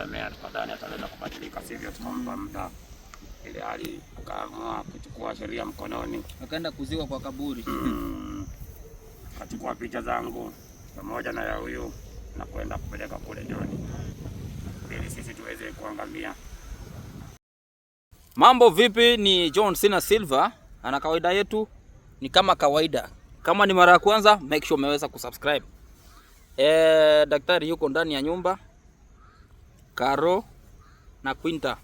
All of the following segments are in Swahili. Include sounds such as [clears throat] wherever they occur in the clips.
tukamsamehe, tukadhani ataweza kubadilika, sivyo tukampa muda, ili hali akaamua kuchukua sheria mkononi, akaenda kuziwa kwa kaburi. Mm. Akachukua picha zangu pamoja na ya huyu na kwenda kupeleka kule Joni ili sisi tuweze kuangamia. Mambo vipi? Ni John Cena Silver, ana kawaida yetu ni kama kawaida. Kama ni mara ya kwanza, make sure umeweza kusubscribe. Eh, daktari yuko ndani ya nyumba. Caro na Quinta.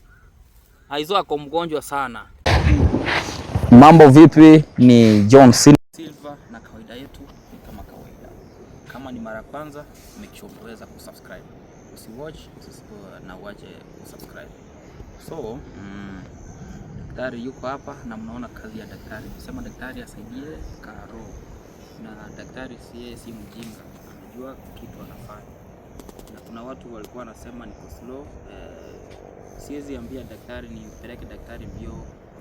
Aizo ako mgonjwa sana. Mambo vipi? Ni John Silva na kawaida yetu ni kama kawaida. Kama ni mara kwanza, make sure uweza kusubscribe. Usiwatch na uache kusubscribe. So, mm, daktari yuko hapa na mnaona kazi ya daktari. Sema daktari asaidie Caro. Na daktari si si mjinga, anajua kitu anafanya na kuna watu walikuwa wanasema niko slow. eh, siwezi ambia daktari nimpeleke daktari mbio,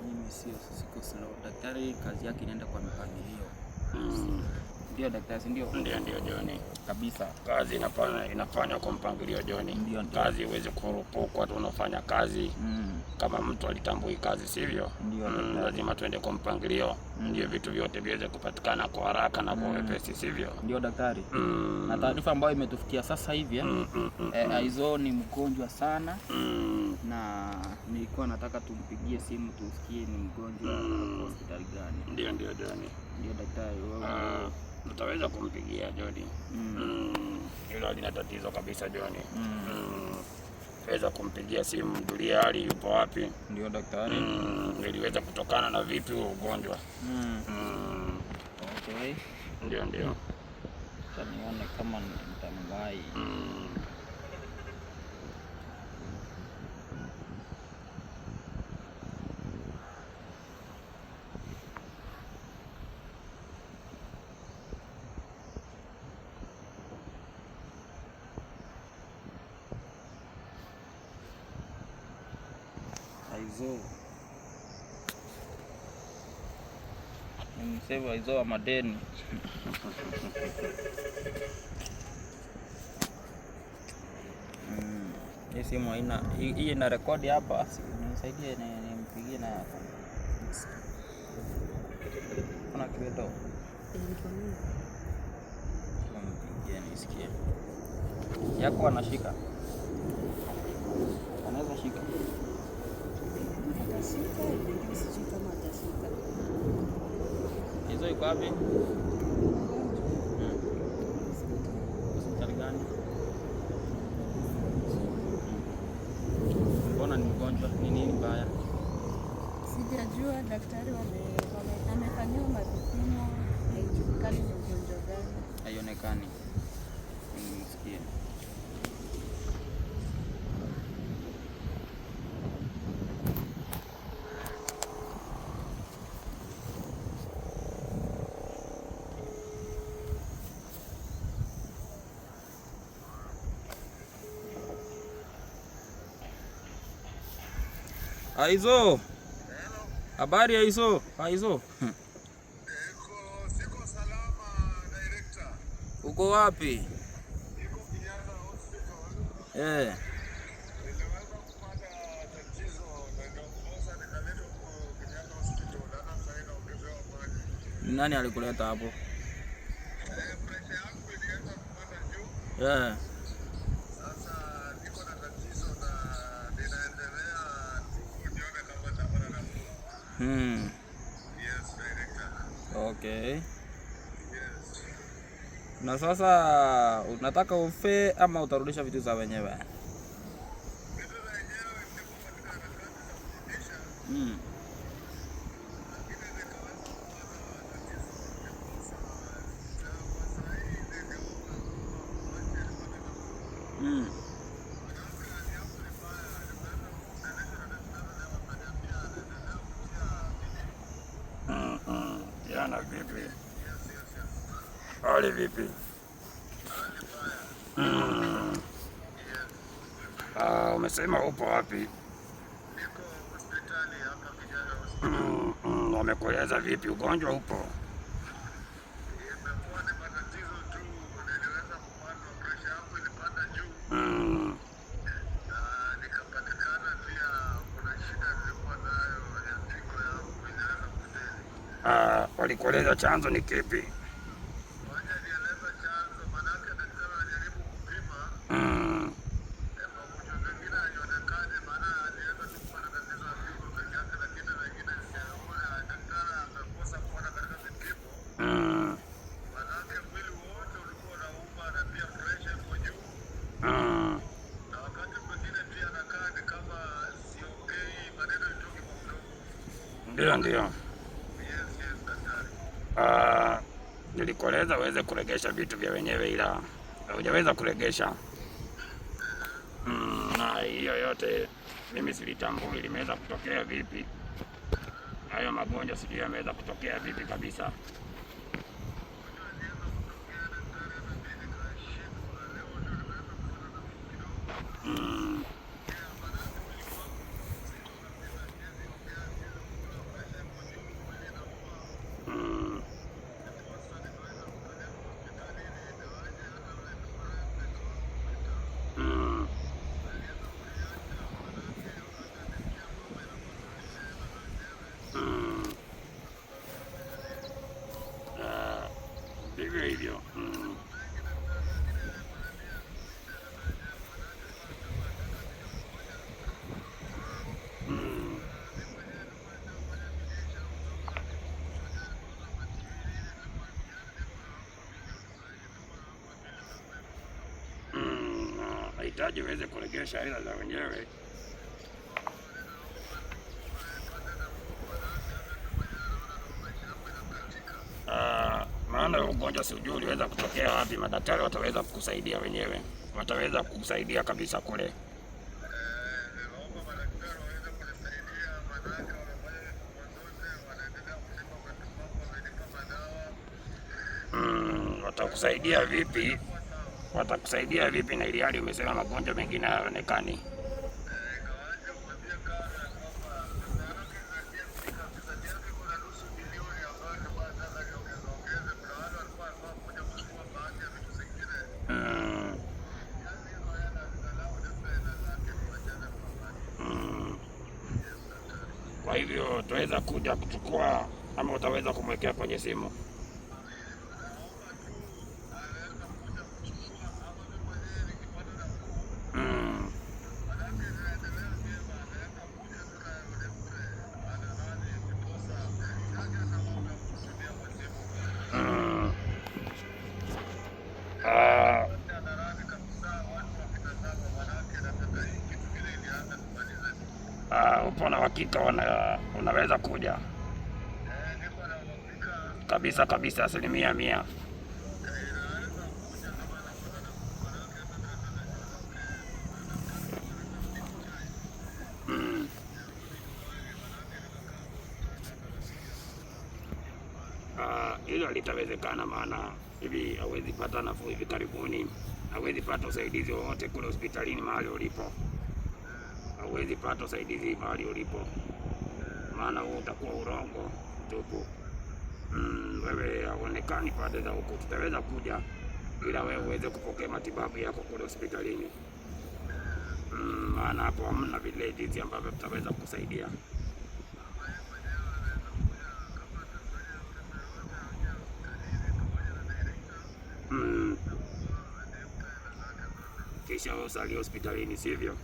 mimi sio, siko slow. Daktari kazi yake inaenda kwa mipangilio. Mm. Ndio daktari, si ndio? Ndio, ndio Joni, kabisa. Kazi inafanya inafanywa kwa mpangilio Joni, kazi iweze kurupuka. tu unafanya kazi mm. kama mtu alitambui kazi, sivyo? mm, lazima tuende kwa mpangilio mm. ndio vitu vyote viweze kupatikana kwa haraka na kwa mm. wepesi, sivyo? Ndio daktari. mm. na taarifa ambayo imetufikia sasa hivi eh? mm, mm, mm, eh, mm. ni mgonjwa sana mm. na nilikuwa nataka tumpigie simu tusikie ni mgonjwa mm. hospitali gani? Ndio, ndio Joni, ndio daktari. Ah mtaweza kumpigia Joni mm. Mm. hilo halina tatizo kabisa Joni mm. weza kumpigia simu mjulia hali yupo wapi, ndio daktari iliweza kutokana na vipi huo ugonjwa mm. Mm. Okay. Ndio ndio, nione kama nitamwahi mm. mzee wa madeni Hii simu haina hii, ina rekodi hapa, nisaidie nimpigie na hapa kuna kitu mpigie nisikie yako anashika cabe Aizo. Habari Aizo. Aizo. Hmm. Siko salama director. Uko wapi? Niko Kinyata hospital. Eh. Yeah. Niliweza kupata tatizo na ndio mmoja nikaletwa kwa Kinyata hospital na sasa inaongezewa maji. Nani alikuleta hapo? Eh, pressure yangu ilianza kupanda juu. Eh. Hmm. Yes, okay. Yes. Na sasa unataka ufe ama utarudisha vitu za wenyewe? Vitu za wenyewe. Hmm. hali vipi? Mm. Ah, umesema upo wapi? wamekueleza vipi ugonjwa upo? Ah, walikueleza chanzo ni kipi? kuregesha vitu vya wenyewe, ila hujaweza kuregesha hmm, hiyo yote mimi silitambui limeweza kutokea vipi, hayo magonjwa sijui yameweza kutokea vipi kabisa. Mm. tunahitaji waweze kuregesha hela za wenyewe. Ah, maana ugonjwa si ujui uliweza kutokea wapi. Madaktari wataweza kukusaidia wenyewe, wataweza kukusaidia kabisa kule mm, watakusaidia vipi? watakusaidia vipi, na ili hali umesema magonjwa mengine hayaonekani? Hmm. Hmm. Kwa hivyo tuweza kuja kuchukua ama utaweza kumwekea kwenye simu? uhakika wana, unaweza kuja kabisa kabisa, asilimia mia. Hmm. Ah, hilo litawezekana, maana hivi hawezi pata nafuu hivi karibuni, hawezi pata usaidizi wowote kule hospitalini mahali ulipo huwezi pata usaidizi mahali ulipo, maana huu utakuwa urongo tupu. Mm, wewe haonekani pande za huku, tutaweza kuja ila wewe uweze kupokea matibabu yako kule hospitalini mm, maana hapo hamna vile jinsi ambavyo tutaweza kukusaidia. Mm. Kisha wewe usalie hospitalini, sivyo?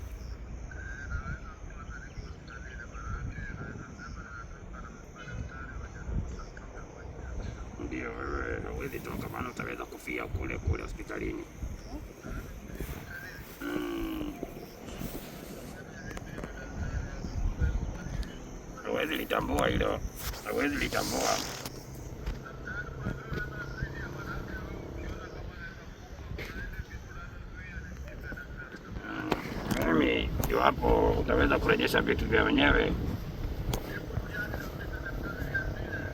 hapo utaweza kurejesha vitu vya wenyewe.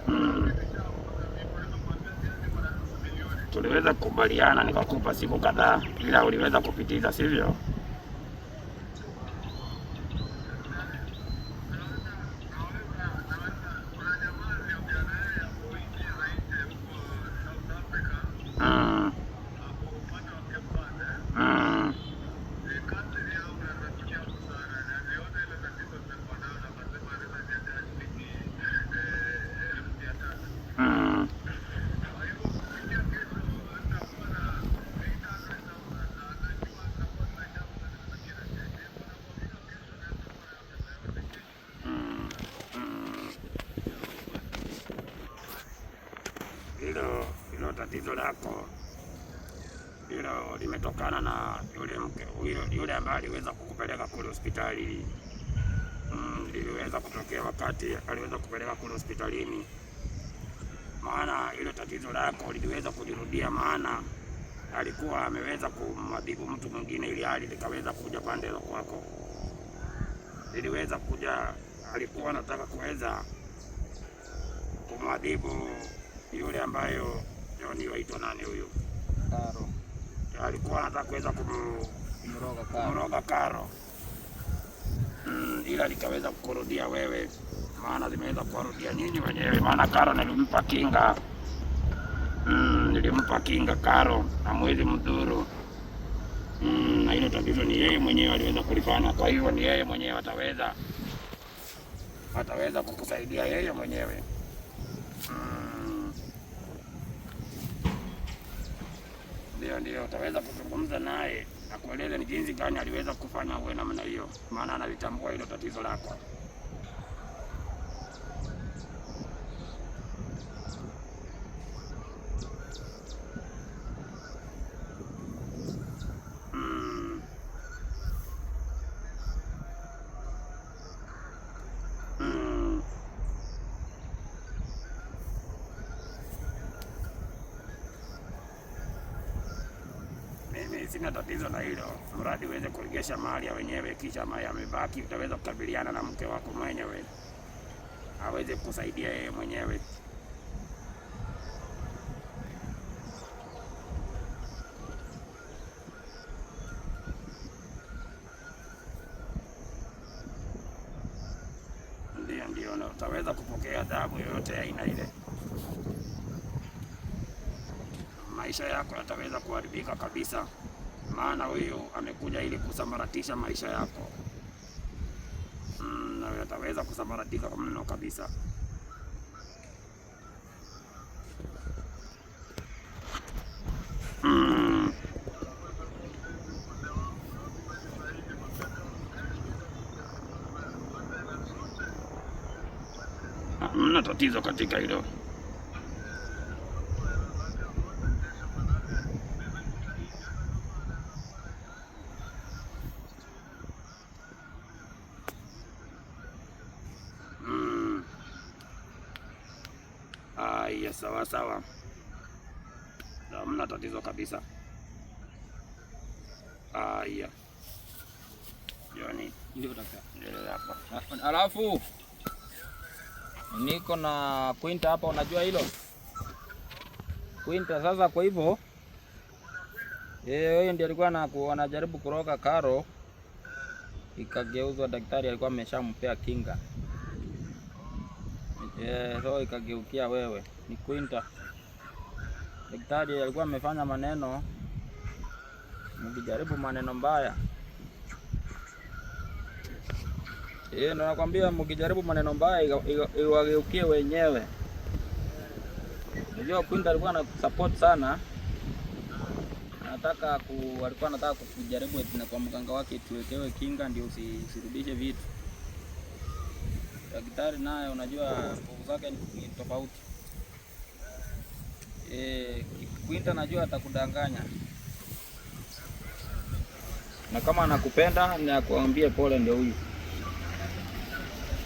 Hmm. Tuliweza kukubaliana nikakupa siku kadhaa, ila uliweza kupitiza, sivyo? lako hilo limetokana na yule mke yule ambaye aliweza kukupeleka kule hospitali mm, liliweza kutokea wakati aliweza kupeleka kule hospitalini, maana hilo tatizo lako liliweza kujirudia, maana alikuwa ameweza kumadhibu mtu mwingine, ili hali likaweza kuja pande za kwako, liliweza kuja, alikuwa anataka kuweza kumadhibu yule ambayo nani waitwa nani huyo Karo, alikuwa anataka kuweza kumroga Karo mm, ila nikaweza kukurudia wewe, maana zimeweza kuwarudia nyinyi wenyewe, maana Karo nilimpa kinga mm, nilimpa kinga Karo na mwezi mdhuru mm, na hilo tatizo ni yeye mwenyewe aliweza kulifanya. Kwa hivyo ni yeye mwenyewe ataweza ataweza kukusaidia yeye mwenyewe. Ndio, ndio, utaweza kuzungumza naye akueleze ni jinsi gani aliweza kufanya uwe namna hiyo, maana analitambua hilo tatizo lako. sina tatizo na hilo, mradi uweze kuregesha mali ya wenyewe, kisha mali yamebaki utaweza kukabiliana na mke wako mwenyewe, aweze kusaidia yeye mwenyewe. Ndio, ndio, na utaweza kupokea adhabu yoyote ya aina ile. Maisha yako yataweza kuharibika kabisa huyu amekuja ili kusambaratisha maisha yako mm, ataweza kusambaratika kwa mno kabisa. Hmm. Mna tatizo katika hilo. Alafu niko na kuinta hapa, unajua hilo kuinta Sasa kwa hivyo huyo ndiye alikuwa anajaribu kuroga karo, ikageuzwa. Daktari alikuwa ameshampea kinga e, so ikageukia wewe ni kuinta Daktari alikuwa amefanya maneno, mkijaribu maneno mbaya Eh, ndo nakwambia mkijaribu maneno mbaya iwageukie wenyewe. Unajua Kwinda alikuwa na support sana. Anataka ku alikuwa anataka kujaribu na kwa mganga wake tuwekewe kinga ndio usirudishe vitu. Daktari naye unajua nguvu zake ni tofauti. Eh, Kwinda najua atakudanganya. Na kama anakupenda ni pole ndio huyu.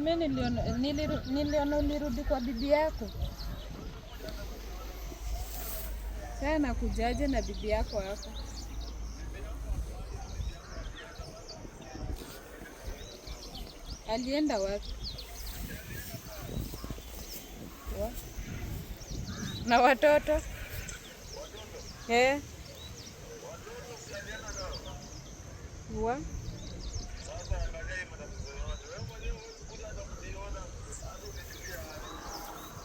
mi niliona niliona ulirudi kwa bibi yako. Sasa nakujaje na bibi yako hapa? Alienda wapi? Wa? Na watoto eh? Watoto,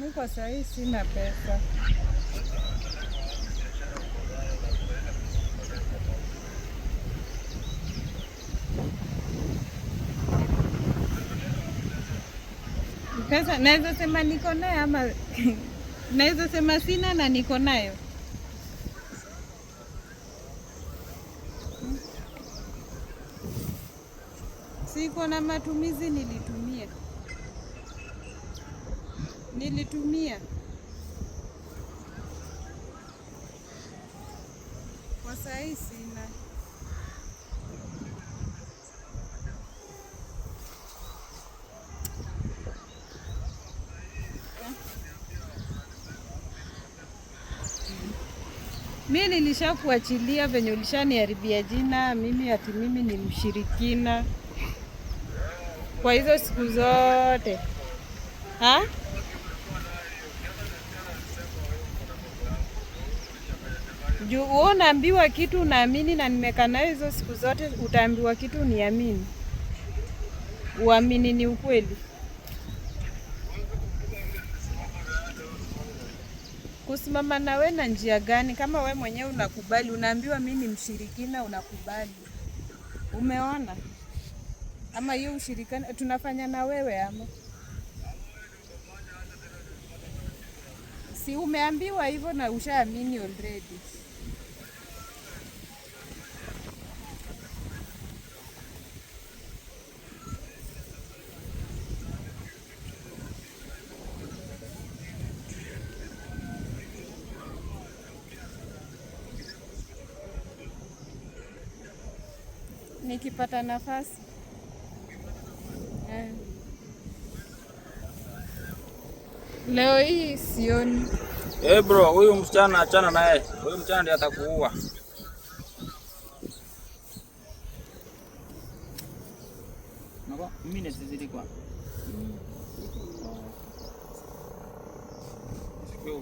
Mi kwa sahii sina pesa. Pesa naweza sema niko nayo ama [laughs] naweza sema sina na niko nayo. Siko na matumizi nilitumia nilitumia kwa sahii sina. Mi nilishakuachilia venye ulishaniharibia jina. Mimi ati mimi ni mshirikina kwa hizo siku zote ha? juu wewe unaambiwa kitu unaamini, na nimekaa nayo hizo siku zote. Utaambiwa kitu uniamini, uamini ni ukweli. Kusimama na we na njia gani? Kama we mwenyewe unakubali, unaambiwa mimi ni mshirikina, unakubali. Umeona ama hiyo ushirikana tunafanya na wewe ama si? Umeambiwa hivyo na ushaamini already. nikipata nafasi eh. Leo hii sioni. Hey eh, bro, huyu msichana achana naye. Huyu msichana ndiye atakuua.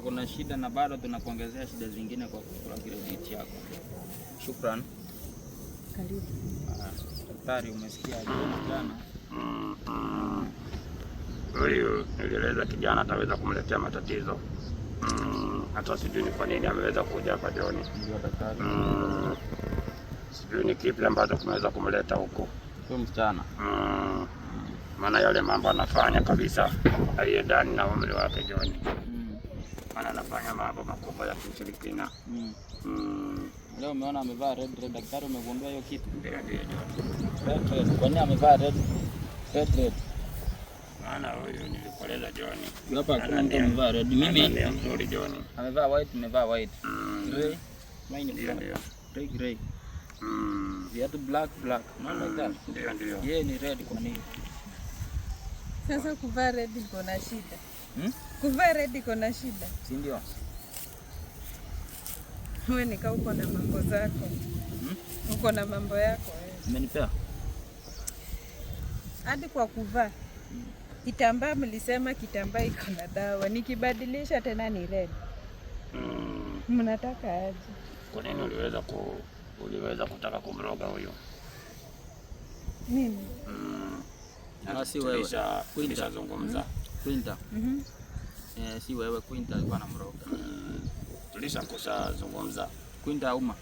kuna shida na bado tunakuongezea shida zingine kwa kile krediti yako. Shukran. Karibu daktari, umesikia jana jana. Mm-hmm. Huyu nilieleza kijana ataweza kumletea matatizo mm-hmm. hata sijui ni kwa nini ameweza kuja hapa jioni. Mm-hmm. Sijui ni kipi ambacho kimeweza kumleta huku msichana, maana yale mambo anafanya kabisa haiendani na umri wake jioni maana anafanya mambo makubwa ya kishirikina. Leo umeona amevaa red red, daktari umegundua hiyo kitu? Ndio ndio. Red red. Kwa nini amevaa red red red? Maana huyu nilikueleza John. Hapa hakuna mtu amevaa red. Mimi ni mzuri John. Amevaa white, nimevaa white. Mm. Grey. Mimi ni grey grey. Mm. Viatu black black. Maana like mm, Ndio ndio. Yeye ni red kwa nini? Sasa kuvaa red iko na shida. Hmm? Kuvaa red iko na shida. Si ndio? Wewe nikaa uko na mambo zako hmm? Uko na mambo yako eh. umenipea hadi kwa kuvaa hmm. Kitambaa mlisema kitambaa iko na dawa, nikibadilisha tena ni red. Hmm. Mnataka hmm. aje? Kwa nini uliweza ku uliweza kutaka kumroga huyo mimi? Mm. Si wewe tulishazungumza hmm. Quinta, mhm. eh, si wewe Quinta alikuwa anamroga tulisha kusha zungumza kwinda umma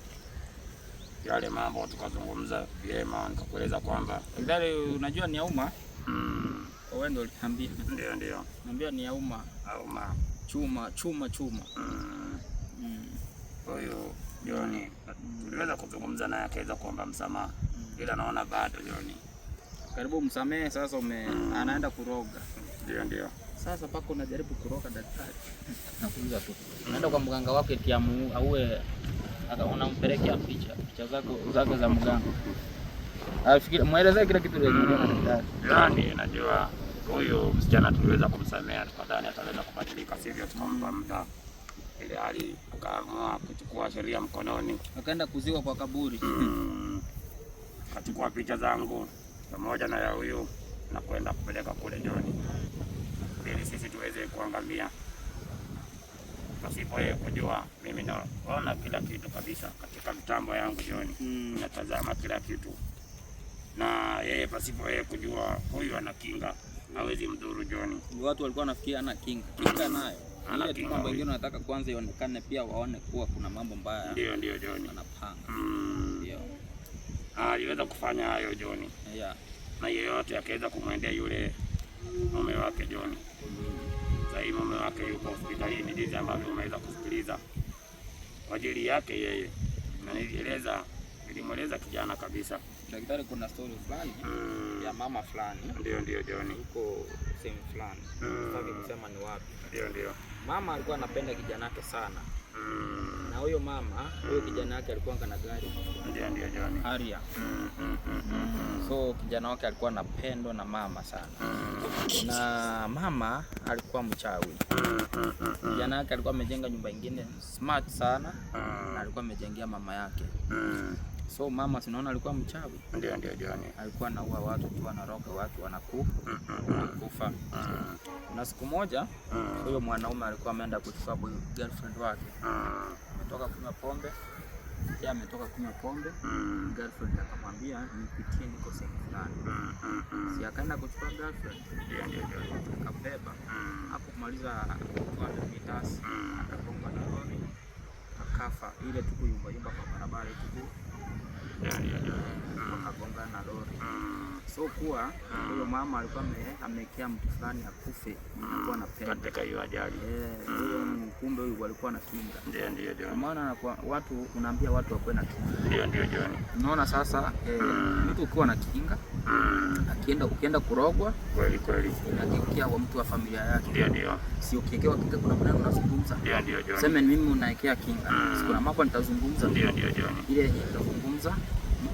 yale mambo tukazungumza vyema, nikakueleza kwamba kidhali unajua ni ya umma mm. Wewe ndio uliambia. Ndio ndio. Niambia ni ya umma. Umma. Chuma chuma chuma. Kwa hmm. hiyo hmm. Joni tuliweza kuzungumza naye akaweza kuomba msamaha mm. Ila naona bado Joni karibu msamehe sasa ume mm. anaenda kuroga. Ndio ndio. Sasa pako unajaribu kuroka daktari. Nakuuliza tu. Unaenda kwa mganga wako eti auwe unampelekea picha, picha zako zako za mganga. Afikiri muelezee kila kitu leo. Yaani najua huyu msichana tuliweza kumsamea tukadhani ataweza kubadilika, sivyo? Tukampa muda ile hali akaamua kuchukua sheria mkononi, akaenda kuziwa kwa kaburi. Mm. kachukua picha zangu pamoja na ya huyu na kwenda kupeleka kule Joni ili sisi tuweze kuangamia pasipo yeye kujua. Mimi naona kila kitu kabisa katika mtambo yangu jioni, mm. natazama kila kitu na yeye pasipo yeye kujua, huyu ana kinga, hawezi mdhuru jioni. Watu walikuwa wanafikia ana kinga, kinga nayo mambo [clears throat] mengine wanataka kwanza ionekane, pia waone kuwa kuna mambo mbaya. Ndio, ndio Joni anapanga, mm. ndio aliweza kufanya hayo Joni, yeah. na yeyote akaweza kumwendea yule mume wake John. Sasa hivi mume wake yuko hospitalini, jinsi ambavyo umeweza kusikiliza, kwa ajili yake yeye, na nilieleza nilimweleza kijana kabisa, daktari, kuna story fulani mm. ya mama fulani, ndio ndio John yuko sehemu fulani mm. sasa kusema ni wapi? Ndio ndio, mama alikuwa anapenda kijana wake sana na huyo mama huyo kijana wake alikuwa na gari ndio ndio so kijana wake alikuwa anapendwa na mama sana na mama alikuwa mchawi kijana wake alikuwa amejenga nyumba nyingine smart sana na alikuwa amejengea mama yake So mama sinaona alikuwa mchawi. Ndio ndio John. Alikuwa anaua watu tu, anaroga watu wanakufa. Mm -hmm. Wanakufa. Mm -hmm. Na siku moja mm huyo -hmm. mwanaume alikuwa ameenda kuchukua boy girlfriend wake. Mm Ametoka mm, kunywa pombe. Yeye ametoka kunywa pombe. Mm. -hmm. Girlfriend akamwambia nipitie, niko sehemu fulani. Mm -hmm. Si akaenda kuchukua girlfriend. Ndio ndio John. Akabeba. Hapo kumaliza kwa mitasi. Mm -hmm. Akagonga na lori. Akafa ile tukuyumba yumba kwa barabara tukuu ya ya so kuwa huyo mama alikuwa amekea mtu fulani akufe, alikuwa anapenda katika hiyo ajali eh, kumbe huyu na kinga, Ndio ndio ndio, maana watu unaambia watu wakuwe na kinga. Ndio ndio ndio, unaona sasa eh, mtu ukiwa na kinga akienda ukienda kurogwa kweli kweli, unakikia wa mtu wa familia yake. Ndio ndio, sio kiekewa kinga, kuna maneno unazungumza. Ndio ndio ndio, sema mimi unaekea kinga, mm. siku na mako nitazungumza. Ndio ndio ndio, ile nitazungumza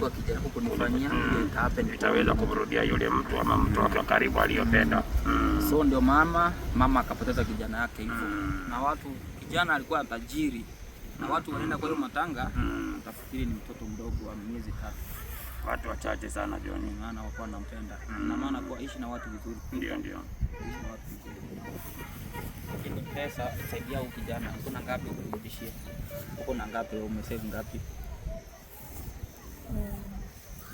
mtu akijaribu kunifanyia mm. nitaweza kumrudia yule mtu ama mtu wake karibu aliyopenda. Mm. So ndio mama mama akapoteza kijana yake hivyo, mm. na watu kijana alikuwa tajiri na watu wanaenda kwa hiyo matanga, utafikiri ni mtoto mdogo wa miezi tatu. Watu wachache sana jioni, maana wakuwa nampenda na maana kwa ishi na watu vizuri, ndio ndio ishi na watu vizuri lakini pesa saidia huyu kijana, uko na ngapi ukurudishie? Uko na ngapi? umesave ngapi? Mm.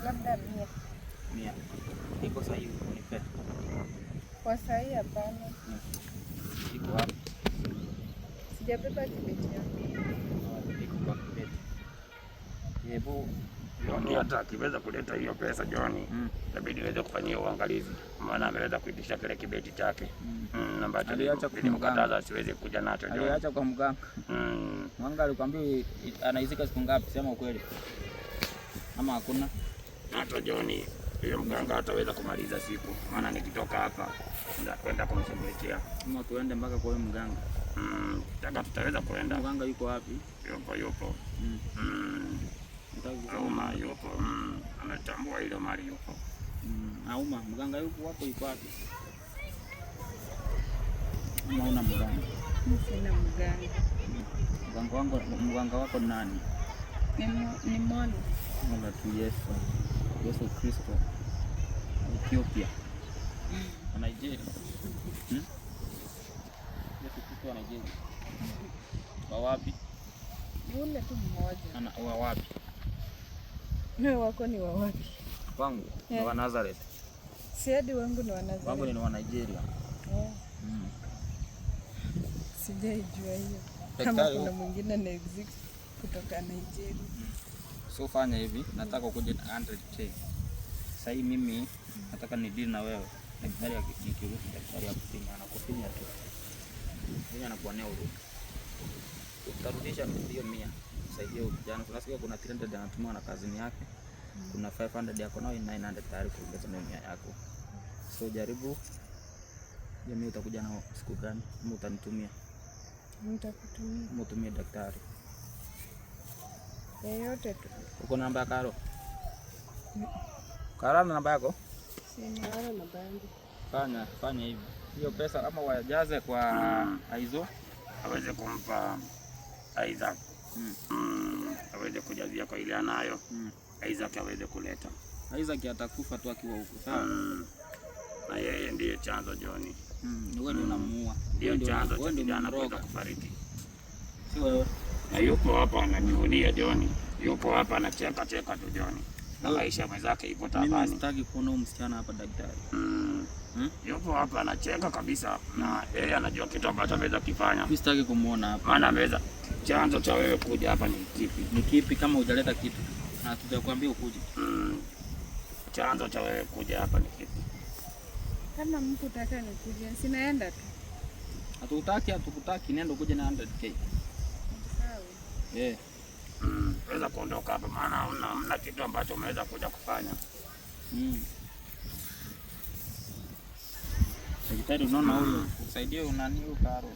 labda mia mia iko unipe kwa Hapana, mm. iko wapi? Sijabeba yangu. Hebu hata akiweza kuleta hiyo pesa joni mm. inabidi iweze kufanyia uangalizi, maana ameweza kuitisha kile kibeti chake ambacho nilimkataza asiweze kuja nacho. Aliacha kwa mganga. Mganga alikwambia anaizika siku ngapi? Sema ukweli ama hakuna? Hata Joni hiyo mganga ataweza kumaliza siku, maana nikitoka hapa ndakwenda kumshughulikia. Ama tuende mpaka kwa huyo mganga? Mm, taka tutaweza kuenda. Mganga yuko wapi? Yupo yupo. Mm. Mm. Auma yupo. Mm. Ametambua ile mali yupo. Mm. Auma mganga yuko wapo, yuko wapi? Mwana mganga? Mwana mganga. Hmm. Mganga wangu, mganga wako nani? ni mwalo na tu Yesu Yesu Kristo Ethiopia na Nigeria hmm? Yesu Kristo wa Nigeria wa wapi? Yule tu mmoja. Ana wa wapi? Wewe wako ni wa wapi? Wangu ni eh. wa Nazareth. Si hadi wangu ni wa Nazareth. Wangu ni wa Nigeria. Yeah. Mm. Sijaijua hiyo. Kama kuna mwingine na exist kutoka Nigeria. So fanya hivi, nataka ukuje na 100k. Sasa hii mimi nataka ni deal na wewe. Daktari akikirudi, daktari akupinya, anakupinya tu. Yeye anakuonea huruma. Utarudisha hiyo 100. Saidia vijana. Tunasikia kuna 300 anatumwa na kazini yake. Kuna 500 yako nao 900 tayari kuongeza na 100 yako. So jaribu jamii, utakuja nao siku gani? Mimi utanitumia. Mtakutumia. Mtumie daktari. Yeyote tu. Uko namba ya Karo? Karo na namba yako? Sina. Karo namba yangu. Fanya, fanya hivi. Hiyo pesa ama wajaze kwa Aizo aweze kumpa Isaac. Mm. Hmm, aweze kujazia kwa ile anayo. Mm. Isaac aweze kuleta. Isaac atakufa tu akiwa huko, sawa? Mm. Na yeye ndiye chanzo Joni. Mm. Wewe ndio unamuua. Ndio chanzo cha kijana kufariki. Si wewe na yupo hapa ananiulia Joni, yupo hapa anacheka cheka tu Joni na maisha mwenzake ipo tabani. Sitaki kuona huyu msichana hapa daktari. Mm. Hmm? Yupo hapa anacheka kabisa na yeye anajua kitu ambacho ameweza kufanya. Mimi sitaki kumuona hapa. Maana ameweza chanzo cha wewe kuja hapa ni kipi? Ni kipi kama hujaleta kitu? Na tutakwambia ukuje. Mm. Chanzo cha wewe kuja hapa ni kipi? Kama mtu utaka nikuje, sinaenda tu. Hatukutaki, hatukutaki, nenda ukuje na 100k yeah. weza kuondoka hapa, maana mna kitu ambacho umeweza kuja kufanya mm. Daktari, unaona huyu usaidie unani ukaro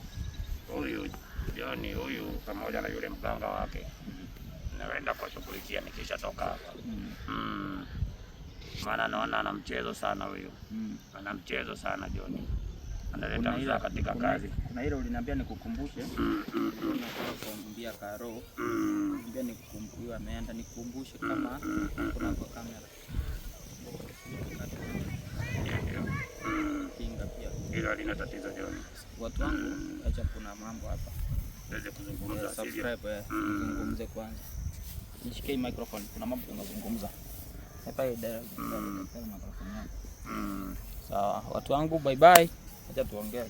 huyu joni huyu pamoja na yule mganga wake naenda kuwashughulikia nikisha toka hapa mm. Mm. Maana naona ana mchezo sana huyu mm. Ana mchezo sana Joni analeta katika kazi. Kuna hilo uliniambia nikukumbushe, kuambia karo niambia nikukumbushe, ameenda nikukumbushe kama kuna kwa kamera kinga pia, ila lina tatizo jioni. Watu wangu, acha kuna mambo hapa tuweze kuzungumza, subscribe eh. zungumze kwanza, nishike microphone, kuna mambo tunazungumza hapa. Idara ya microphone yangu sawa, watu wangu, bye bye. Acha tuongee.